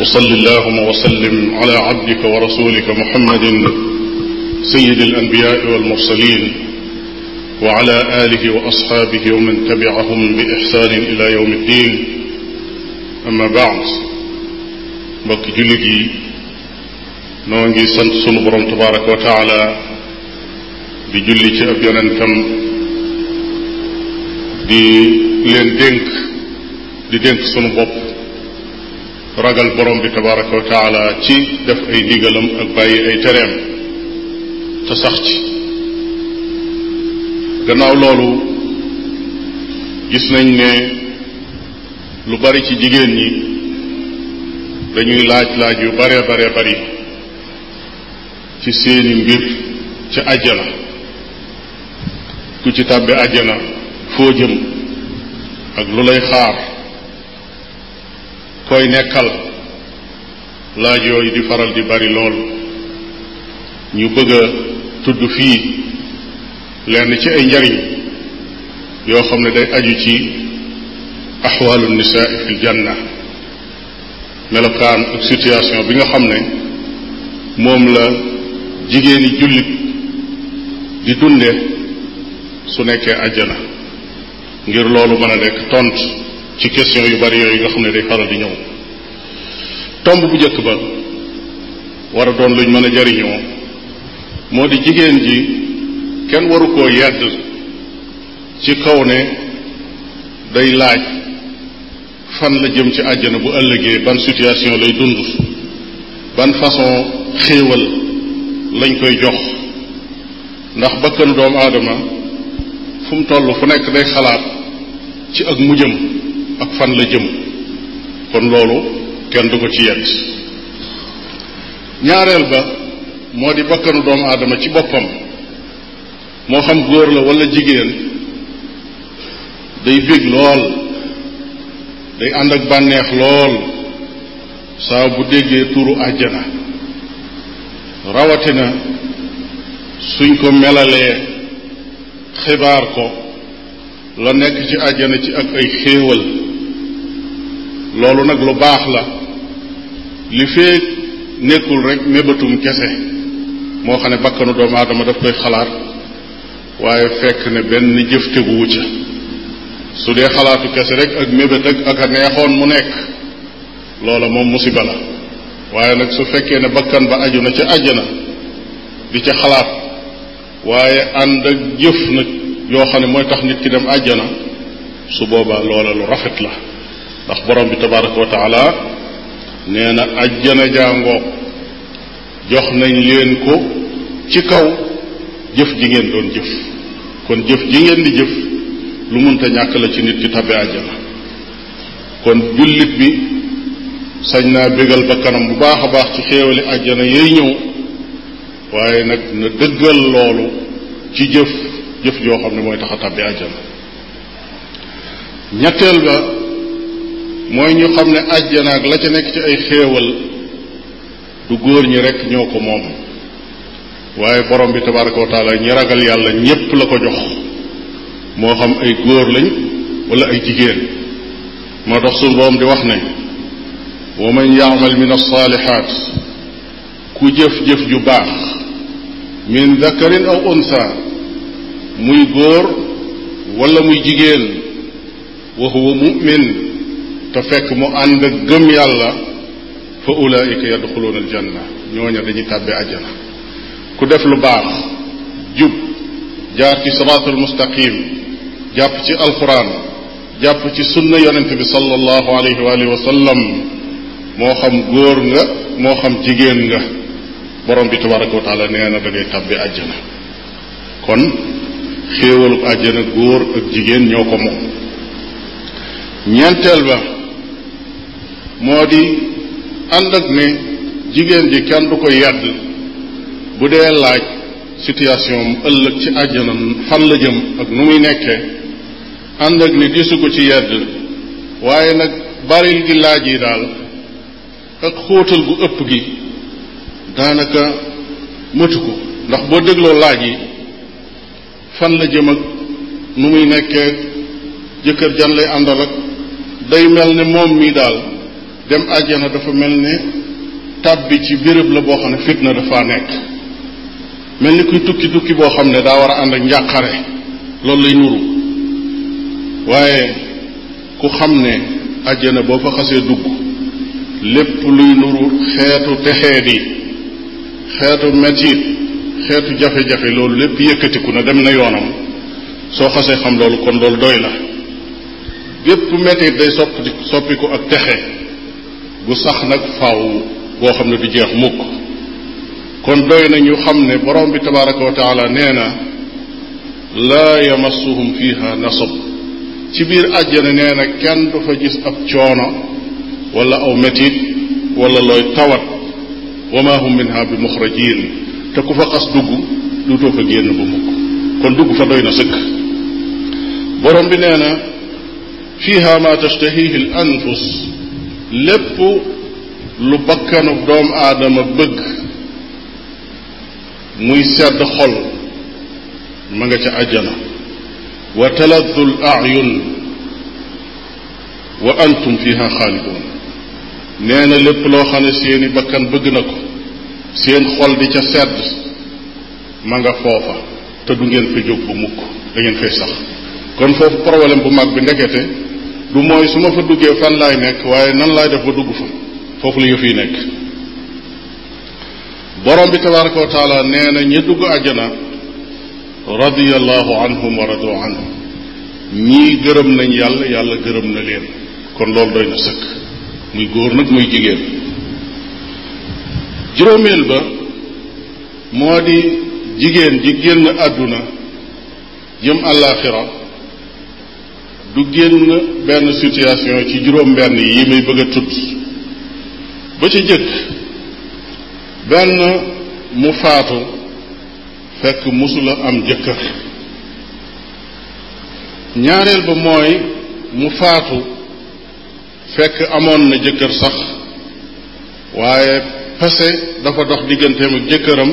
وصل اللهم وسلم على عبدك ورسولك محمد سيد الأنبياء والمرسلين وعلى آله وأصحابه ومن تبعهم بإحسان إلى يوم الدين أما بعد mbokki jullit yi noo ngi sant sunu borom tabaraka wa taala di julli ci ab yonentam di leen dénk di dénk sunu bopp ragal borom bi tabaraka wa taala ci def ay ndigalam ak bàyyi ay tereem te sax ci gannaaw loolu gis nañ ne lu bari ci jigéen ñi dañuy laaj laaj yu bare bare bari ci seeni mbir ci àjjana ku ci tàbbi àjjana foo jëm ak lu lay xaar koy nekkal laaj yooyu di faral di bari lool ñu bëgg a tudd fii lenn ci ay njariñ yoo xam ne day aju ci axwaalu nisaa fi janna melokaan ak situation bi nga xam ne moom la jigéeni jullit di dunde su nekkee àjjana ngir loolu mën a nekk tontu ci question yu bari yooyu nga xam ne day faral di ñëw tomb bu njëkk ba war a doon luñ mën a jariñoo moo di jigéen ji kenn waru koo yedd ci kaw ne day laaj fan la jëm ci àjjana bu ëllëgee ban situation lay dund ban façon xéewal lañ koy jox ndax bakkanu doomu aadama fu mu toll fu nekk day xalaat ci ak mujjam ak fan la jëm kon loolu kenn du ko ci yedd ñaareel ba moo di bakkanu doomu aadama ci boppam moo xam góor la walla jigéen day bég lool day ànd ak bànneex lool saa bu déggee turu àjjana rawatina suñ ko melalee xibaar ko la nekk ci àjjana ci ak ay xéewal loolu nag lu baax la li fee nekkul rek mébatum kese moo xam ne bakkanu doomu aadama daf koy xalaat waaye fekk ne benn jëf teguwu ca su dee xalaatu kese rek ak mébét ak a neexoon mu nekk loola moom musiba la waaye nag su fekkee ne bakkan ba aju na ca àjjana di ca xalaat waaye ànd ak jëf nag yoo xam ne mooy tax nit ki dem àjjana su boobaa loola lu rafet la ndax borom bi tabaraka wa taala nee na ajjana jàngoo jox nañ leen ko ci kaw jëf ji ngeen doon jëf kon jëf ji ngeen di jëf lu munta ñàkk la ci nit ci tabe ajjana kon jullit bi sañ naa bégal ba kanam bu baax a baax ci xéewali ajjana yay ñëw waaye nag na dëggal loolu ci jëf jëf joo xam ne mooy tax a tabbi ajjana ñetteel ba mooy ñu xam ne àjjana ak la ca nekk ci ay xéewal du góor ñi rek ñoo ko moom waaye borom bi tabaraka wa taala ñi ragal yàlla ñépp la ko jox moo xam ay góor lañ wala ay jigéen moo tax suñu borom di wax ne wa man yaamal min alsaalihaat ku jëf-jëf ju baax min dakarin aw unsa muy góor wala muy jigéen wa huwa mumin te fekk mu ànd ak gëm yàlla fa ulaayika yadxuluuna aljanna ñooña dañuy tàbbi ajjana ku def lu baax jub jaar ci siraatul mustaqim jàpp ci alquran jàpp ci sunna yonent bi sallallahu alayhi wa sallam moo xam góor nga moo xam jigéen nga borom bi tabaraka wa taala nee na da tàbbi ajjana kon xéewalub ajjana góor ak jigéen ñoo ko moom ñeenteel ba moo di ànd ak ne jigéen ji kenn du ko yedd bu dee laaj situation am ëllëg ci àjjana fan la jëm ak nu muy nekkee ànd ak ne gisu ko ci yedd waaye nag baril gi laaj yi daal ak xóotal gu ëpp gi daanaka mëtu ko ndax boo dégloo laaj yi fan la jëm ak nu muy nekkee jëkkër jan lay àndal ak day mel ne moom mii daal dem àjjana dafa mel ne tàbbi ci béréb la boo xam ne fitna dafa nekk mel ni kuy tukki tukki boo xam ne daa war a ànd ak njàqare loolu lay nuru waaye ku xam ne àjjana boo xasee dugg lépp luy nuru xeetu texeet yi xeetu metit xeetu jafe-jafe loolu lépp yëkkatiku na dem na yoonam soo xasee xam loolu kon loolu doy na lépp metit day soppi soppiku ak texe gu sax nag faaw boo xam ne du jeex mukk kon doy na ñu xam ne borom bi tabaraka wa taala nee na laa yamassuhum fiha nasab ci biir àjjana nee na kenn du fa gis ab coono wala aw metit wala looy tawat wa ma hum minha bi muxrajin te ku fa xas dugg duutoo fa génn bu mukk kon dugg fa doy na sëkk borom bi fiha ma tashtahihi al anfus lépp lu bakkanu doomu aadama bëgg muy sedd xol ma nga ca ajjana wa taladdu l ayun wa antum fiha xaalidoon nee na lépp loo xam ne seeni bakkan bëgg na ko seen xol di ca sedd ma nga foofa te du ngeen fa jóg bu mukk da fay sax kon foofu problème bu mag bi ndekete du mooy su ma fa duggee fan laay nekk waaye nan laay def ba dugg fa foofu la yëf yi nekk borom bi tabaraka wa nee na dugg àjjana radiallahu anhum wa radu anhum ñii gërëm nañ yàlla yàlla gërëm na leen kon loolu doy na sëkk muy góor nag muy jigéen juróomeel ba moo di jigéen ji génn àdduna jëm àllaaxira du génn benn situation ci juróom-benn yi may bëgg a tudd ba ci jëkk benn mu faatu fekk mosula am jëkkër ñaareel ba mooy mu faatu fekk amoon na jëkkër sax waaye passé dafa dox digganteem ak jëkkëram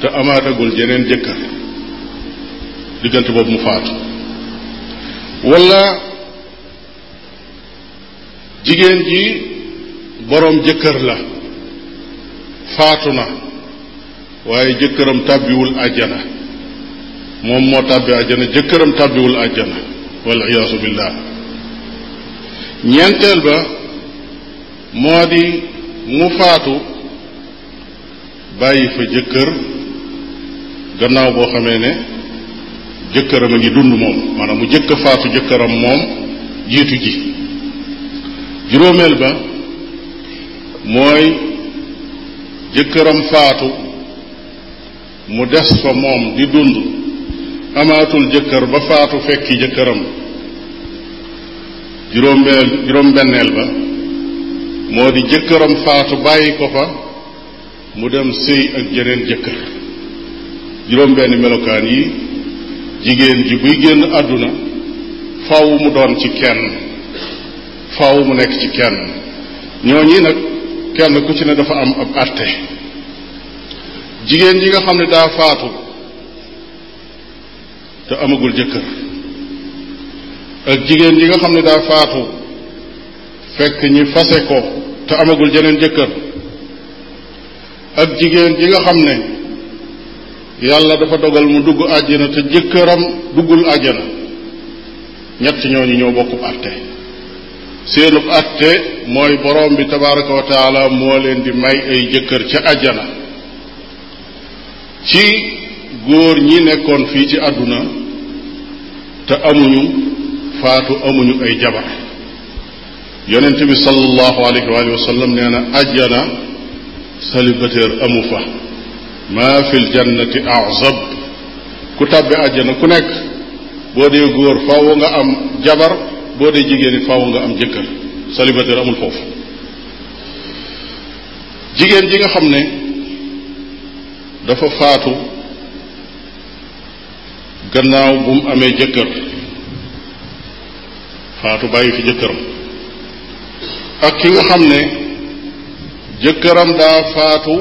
te amaatagul jeneen jëkkër diggante boobu mu faatu wala jigéen ji boroom jëkkër la faatu na waaye jëkkëram tàbbiwul àjjana moom moo tàbbi àjjana jëkkëram tàbbiwul àjjana wal iyaasu billah ñeenteel ba moo di mu faatu bàyyi fa jëkkër gannaaw boo xamee ne jëkkëram a ngi dund moom maanaam mu jëkk a faatu jëkkëram moom jiitu ji juróomeel ba mooy jëkkëram faatu mu des fa moom di dund amaatul jëkkër ba faatu fekki jëkkëram juróom-benneel ba moo di jëkkëram faatu bàyyi ko fa mu dem sëy ak jeneen jëkkër juróom-benn melokaan yi jigéen ji buy génn àdduna faw mu doon ci kenn faw mu nekk ci kenn ñooñi nag kenn ku ci ne dafa am ab àtte jigéen ji nga xam ne daa faatu te amagul jëkkër ak jigéen ji nga xam ne daa faatu fekk ñi fase ko te amagul jeneen jëkkër ak jigéen ji nga xam ne yàlla dafa dogal mu dugg àjjana te jëkkëram duggul àjjana ñett ñooñu ñoo bokkub àtte seenub àtte mooy borom bi tabaraka wa taala moo leen di may ay jëkkër ca àjjana ci góor ñi nekkoon fii ci àdduna te amuñu faatu amuñu ay jabar yonent bi sallallahu alayhi wa sallam nee na amu fa ma fil jannati azab ku tàbbi àjjana ku nekk boo dee góor faaw nga am jabar boo dee jigéen it faaw nga am jëkkër célibataire amul foofu jigéen ji nga xam ne dafa faatu gannaaw bu mu amee jëkkër faatu bàyyi fi jëkkëram ak ki nga xam ne jëkkëram daa faatu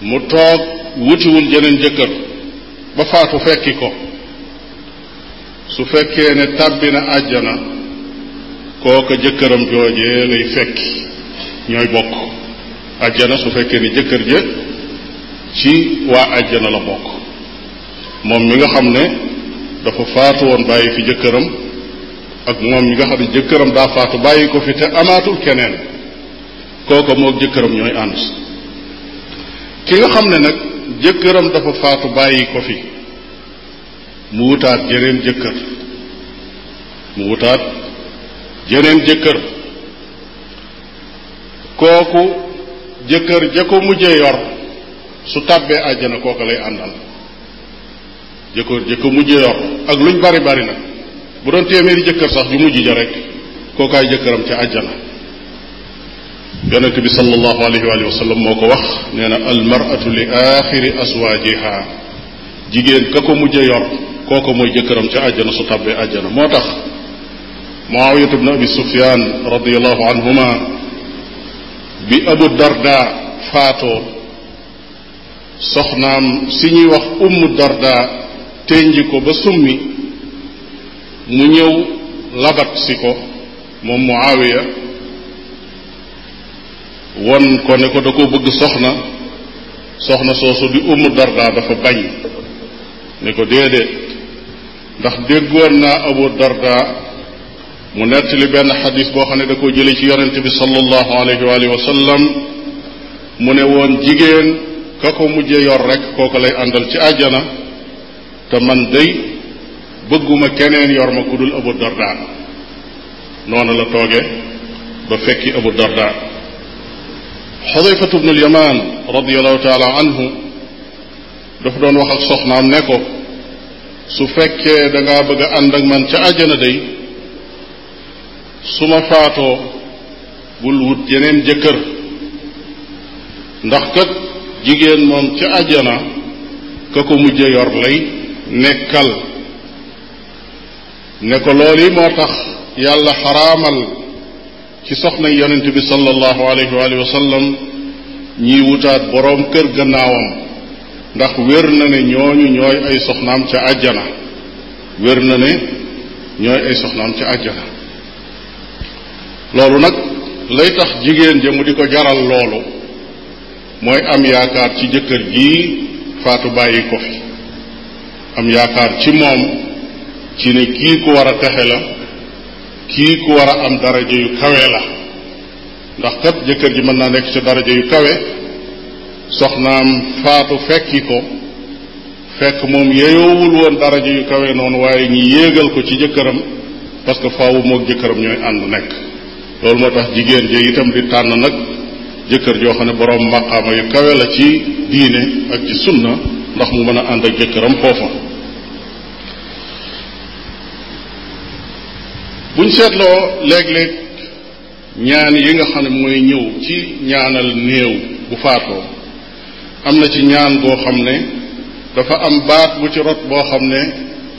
mu toog wutiwul jeneen jëkkër ba faatu fekki ko su fekkee ne tàbbi na àjjana kooka jëkkëram joojee lay fekki ñooy bokk àjjana su fekkee ne jëkkër ja ci waa àjjana la bokk moom mi nga xam ne dafa faatu woon bàyyi fi jëkkëram ak moom mi nga xam ne jëkkëram daa faatu bàyyi ko fi te amaatul keneen kooka moog jëkkëram ñooy ànd ki nga xam ne nag jëkkëram dafa faatu bàyyi ko fi mu wutaat jeneen jëkkër mu wutaat jeneen jëkkër kooku jëkkër ja ko mujjee yor su tàbbee àjjana kooku lay àndal jëkkër ja ko mujjee yor ak luñ bari bari nag bu doon téeméeri jëkkër sax ju mujj ja rek kookaay jëkkëram ca àjjana yonent bi sallallahu alayhi wa sallam moo ko wax nee na almaratu li axiri aswaajiha jigéen ka ko mujj a yor kooko mooy jëkkëram ca àjjana su tàbbee àjjana moo tax muawiyatu bne abi sufyan radiallahu anhuma bi abu darda faatoo soxnaam si ñuy wax ummu darda tenji ko ba summi mu ñëw labat si ko moom muawiya won ko ne ko da ko bëgg soxna soxna soosu di umu darda dafa bañ ne ko déedéet ndax déggoon naa abu darda mu nettali benn xadis boo xam ne da koo jële ci yonente bi sallallahu alayhi wa alihi wa sallam mu ne woon jigéen ka ko mujjee yor rek kooko lay àndal ci àjjana te man day bëgguma keneen yor ma ku dul abu darda noonu la tooge ba fekki abu darda xudayfatu bnu lyamaan radiallahu taala anhu dafa doon wax ak soxnaam ne ko su fekkee danga bëgg a ànd man ca àjjana day suma ma faatoo bul wut yeneen jëkkër ndax kat jigéen moom ca àjjana ka ko mujje yor lay nekkal ne ko loolu yi moo tax yàlla xaraamal ci soxna yonent bi sallallahu alayhi wa sallam ñiy wutaat boroom kër gannaawam ndax wér na ne ñooñu ñooy ay soxnaam ca àjjana wér na ne ñooy ay soxnaam ca àjjana loolu nag lay tax jigéen ja mu di ko jaral loolu mooy am yaakaar ci jëkkër jii faatu bàyyi ko fi am yaakaar ci moom ci ne kii ku war a texe la kii ku war a am daraja yu kawe la ndax kat jëkkër ji mën naa nekk ci daraja yu kawe soxnaam faatu fekki ko fekk moom yeyoowul woon daraja yu kawe noonu waaye ñi yéegal ko ci jëkkëram parce que faawu moog jëkkëram ñooy ànd nekk loolu moo tax jigéen ji itam di tànn nag jëkkër joo xam ne boroom maqaama yu kawe la ci diine ak ci sunna ndax mu mën a ànd ak jëkkëram foofa buñ seetloo léeg-léeg ñaan yi nga xam ne mooy ñëw ci ñaanal néew bu faatoo am na ci ñaan boo xam ne dafa am baat bu ci rot boo xam ne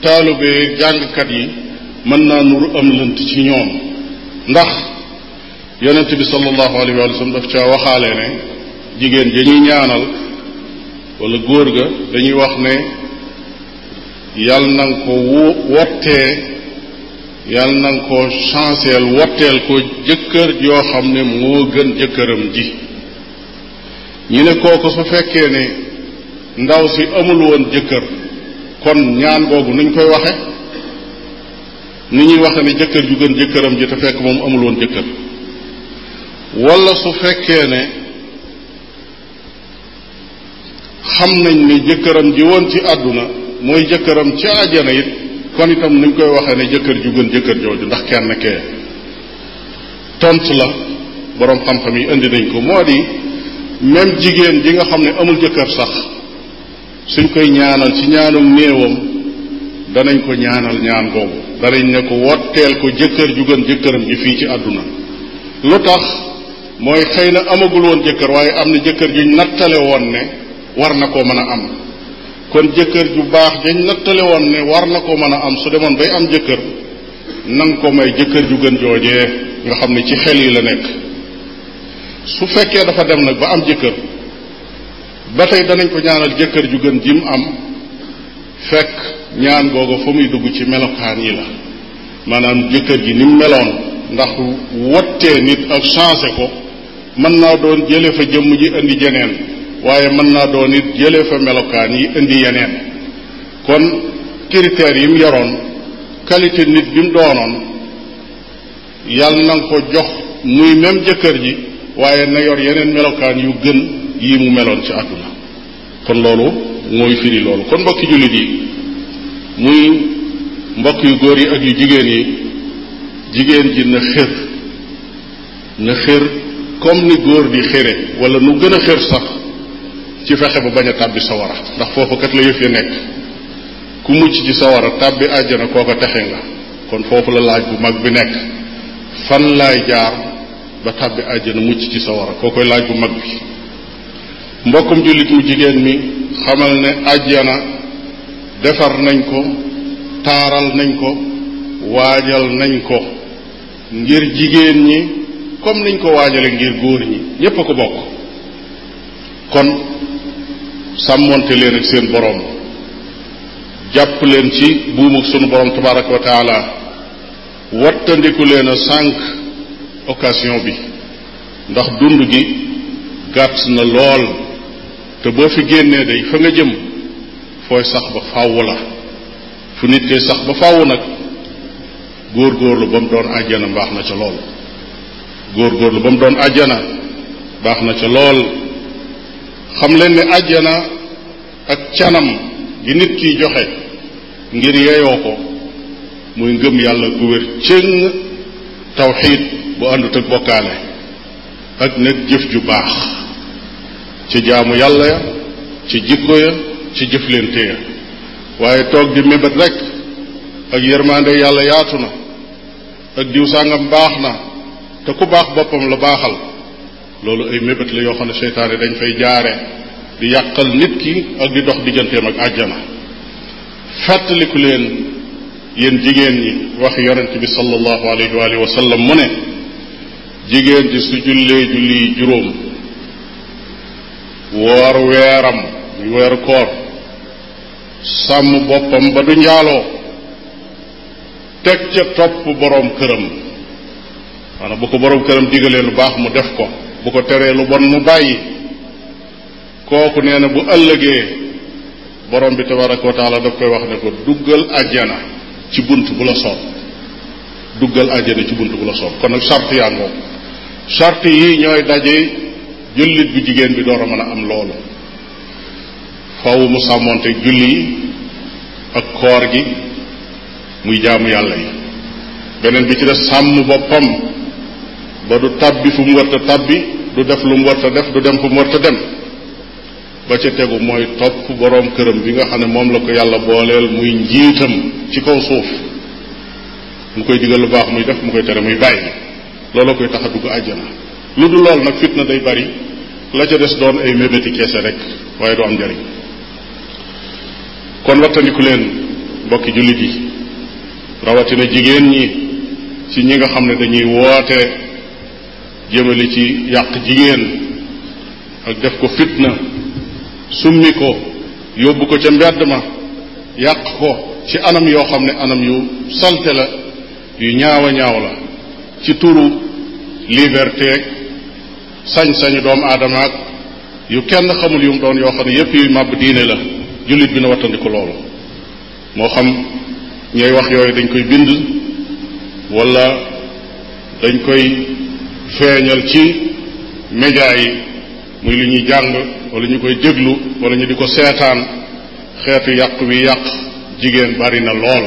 taalubee jàngkat yi mën naa nuru am lënt ci ñoom ndax yonent bi sallallahu alayhi wa sallam daf caa waxaale ne jigéen ja ñu ñaanal wala góor ga dañuy wax ne yàlla na nga ko wottee yàlla na nga ko chanceel wotteel ko jëkkër yoo xam ne moo gën jëkkëram ji ñu ne kooku su fekkee ne ndaw si amul woon jëkkër kon ñaan googu nuñ koy waxe ni ñuy waxe ne jëkkër ju gën jëkkëram ji te fekk moom amul woon jëkkër wala su fekkee ne xam nañ ne jëkkëram ji woon ci àdduna mooy jëkkëram ci àjjana it kon itam ni koy waxee ne jëkkër ju gën jëkkër jooju ndax kenn kee tontu la boroom xam-xam yi indi nañ ko moo di même jigéen ji nga xam ne amul jëkkër sax suñ koy ñaanal ci ñaanum néewam danañ ko ñaanal ñaan googu danañ ne ko wotteel ko jëkkër ju gën jëkkëram ji fii ci àdduna lu tax mooy xëy na amagul woon jëkkër waaye am na jëkkër juñ nattale woon ne war na koo mën a am kon jëkkër ju baax dañ nattale woon ne war na ko mën a am su demoon bay am jëkkër na ko may jëkkër ju gën joojee nga xam ne ci xel yi la nekk su fekkee dafa dem nag ba am jëkkër ba tey danañ ko ñaanal jëkkër ju gën mu am fekk ñaan googu fa muy dugg ci melokaan yi la maanaam jëkkër ji ni mu meloon ndax wottee nit ak changé ko mën naa doon jële fa jëmm ji indi jeneen waaye mën naa doon it jëlee fa melokaan yi indi yeneen kon critères yi mu yoroon qualité nit bi mu doonoon yàlla na nga ko jox muy même jëkkër ji waaye na yor yeneen melokaan yu gën yi mu meloon ci àdduna kon loolu mooy firi loolu kon mbokki jullit yi muy mbokk yu góor yi ak yu jigéen yi jigéen ji na xër na xër comme ni góor di xëre wala nu gën a xër sax ci fexe ba bañ a tàbbi sawara ndax foofa kat la yëf ya nekk ku mucc ci sawara tàbbi àjjana kooka texe nga kon foofu la laaj bu mag bi nekk fan laay jaar ba tàbbi àjjana mucc ci sawara koo koy laaj bu mag bi mbokkum jullit mu jigéen mi xamal ne àjjana defar nañ ko taaral nañ ko waajal nañ ko ngir jigéen ñi comme nañ ko waajale ngir góor ñi ñépp a ko bokk kon sàmmoonte leen ak seen borom jàpp leen ci buumu sunu borom tabaraka wa taala wattandiku leen a sànq occasion bi ndax dund gi gàtt na lool te ba fi génnee day fa nga jëm fooy sax ba fàww la fu nit koy sax ba fàww nag góorgóorlu ba mu doon àjjana baax na ca lool góorgóorlu ba mu doon àjjana baax na ca lool xam leen ne àjjana ak canam gi nit kiy joxe ngir yeyoo ko muy ngëm yàlla gu cëng tawxiid bu àndut ak bokkaale ak nag jëf ju baax ci jaamu yàlla ya ci jikko ya ci jëflante ya waaye toog di mébét rek ak yërmande yàlla yaatu na ak diw baax na te ku baax boppam la baaxal loolu ay mébét la yoo xam ne seytaane dañ fay jaare di yàqal nit ki ak di dox digganteem ak àjjana fàttaliku leen yéen jigéen ñi wax yonent bi sallallahu alayhi wa alihi wa mu ne jigéen ji su jullee julli juróom woor weeram muy weeru koor sàmm boppam ba du njaaloo teg ca topp boroom këram maanaam bu ko boroom këram digalee lu baax mu def ko bu ko teree lu bon mu bàyyi kooku nee na bu ëllëgee borom bi tabaraka wa taala daf koy wax ne ko duggal ajjana ci bunt bu la soob duggal ajjana ci bunt bu la soob kon nag charte yaa ngoog charte yi ñooy daje jullit bu jigéen bi door a mën a am loolu faw mu sàmmoonte julli yi ak koor gi muy jaamu yàlla yi beneen bi ci def sàmm boppam ba du tàbbi fu mu war tàbbi du def lu mu war a dem fu mu a dem ba ca tegu mooy topp boroom këram bi nga xam ne moom la ko yàlla booleel muy njiitam ci kaw suuf mu koy digal lu baax muy def mu koy tere muy bàyyi la koy tax a dugg àjjana lu du lool nag fitna day bari la ca des doon ay mébéti keese rek waaye du am njariñ kon wattandiku leen mbokki jullit yi rawatina jigéen ñi ci ñi nga xam ne dañuy woote jëmale ci yàq jigéen ak def ko fitna summi ko yóbbu ko ca mbedd ma yàq ko ci anam yoo xam ne anam yu salte la yu ñaawa ñaaw la ci turu liberté sañ-sañu doomu aadama yu kenn xamul yu mu doon yoo xam ne yépp yuy màbb diine la jullit bi na wattandiku loolu moo xam ñooy wax yooyu dañ koy bind wala dañ koy feeñal ci média yi muy lu ñuy jàng wala ñu koy déglu wala ñu di ko seetaan xeetu yàq wi yàq jigéen bari na lool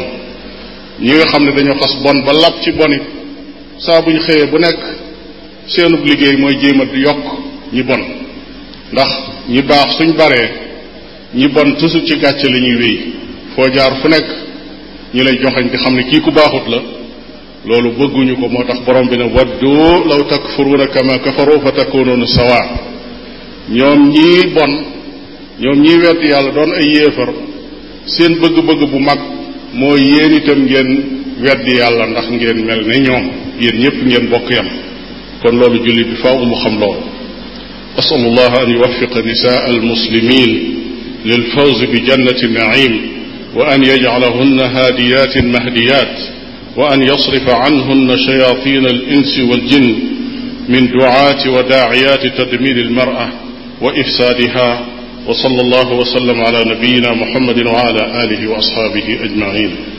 ñi nga xam ne dañoo xas bon ba lab ci bonit saa bu ñu xëyee bu nekk seenub liggéey mooy jéem a yokk ñi bon ndax ñi baax suñ baree ñi bon toujours ci gàcce li ñuy wéy foo jaar fu nekk ñi lay joxañ di xam ne kii ku baaxut la loolu bëgguñu ko moo tax borom bi ne waddu law takfuruuna kama kafaru fa takunuuna sawa ñoom ñii bon ñoom ñii wedd yàlla doon ay yéefar seen bëgg-bëgg bu mag mooy yéen itam ngeen wedd yàlla ndax ngeen mel ne ñoom yéen ñëpp ngeen bokk yam kon loolu jullit bi faaw mu xam loolu asalu allah an yuwaffiqa nisaa almuslimin lilfawzi bi jannati naim wa an yajcalahunna haadiyatin mahdiyat wa an yasrifa anhunna shayaatiina al-insi wal-jinn min du'aati wa daa'iyaati tadmiiri al-mar'a wa ifsaadihaa wa sallallahu wa sallam ala nabiyyina muhammadin wa ala aalihi wa ashaabihi ajma'iin